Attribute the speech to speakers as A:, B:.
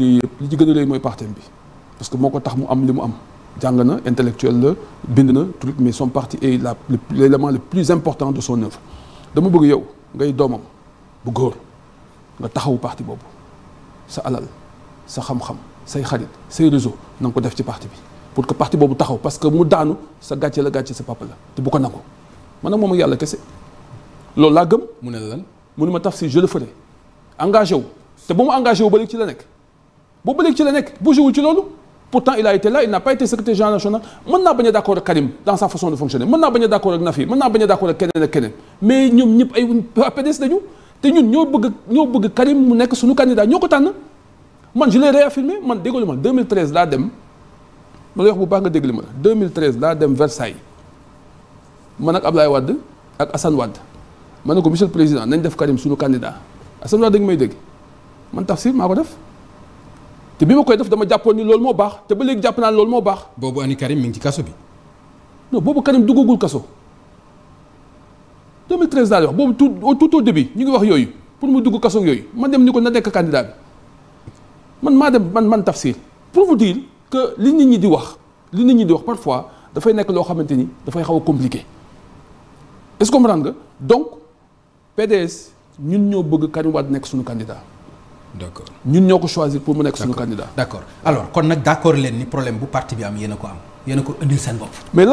A: yooyu li ci gën a mooy partem bi parce que moo ko tax mu am li mu am jàng na intellectuel la bind na truc mais son parti est la l'élément le plus important de son œuvre dama bëgg yow ngay doomam bu góor nga taxaw parti boobu sa alal sa xam-xam say xarit say réseau na ko def ci parti bi pour que parti boobu taxaw parce que mu daanu sa gàcce la gàcce sa papa la te bu ko nangu man nag moom ak yàlla kese loolu laa gëm mu ne lan mu ne ma tax si je le engagé wu te bu mu wu ba léegi ci la nekk boobu léegi ci la nekk bougéwul ci loolu pourtant il a été là il n'a pas été secrétaire général national naa bañ a d'accord ak Karim dans sa façon de fonctionner mën naa bañ a d'accord ak Nafi mën naa bañ a d'accord ak keneen ak keneen mais ñoom ñëpp ay PDS dañu te ñun ñoo bëgg ñoo bëgg Karim mu nekk suñu candidat ñoo ko tànn man je l'ai réaffirmé man déggoo ma 2013 laa dem ma lay wax bu baax nga dégg li ma 2013 laa dem Versailles man ak Ablaye wadd ak Assane Wade ma ne ko monsieur président nañ def Karim suñu candidat Assane Wade da nga may dégg man Tafsir maa ko def. te bi ma koy def dama jàppoon ni loolu moo baax te ba léegi jàpp naa loolu moo baax. boobu Ani Karim mi ngi ci kaso bi. boobu Karim duggagul kaso 2013 daal wax boobu tu au tout au début ñu ngi wax yooyu pour mu dugg kaso yooyu ma dem ni ko na nekk candidat bi man maa dem man man Tafsir pour vous dire que li nit ñi di wax li nit ñi di wax parfois dafay nekk loo xamante ni dafay xaw a compliqué est-ce que comprendre nga donc PDS ñun ñoo bëgg Karim Wade nekk suñu candidat. d'accord ñun ñoo ko choisir pour mu nekk
B: suñu candidat. d'accord alors kon nag d'accord leen ni problème bu parti bi am yéen a ko am yéen a ko indil seen bopp.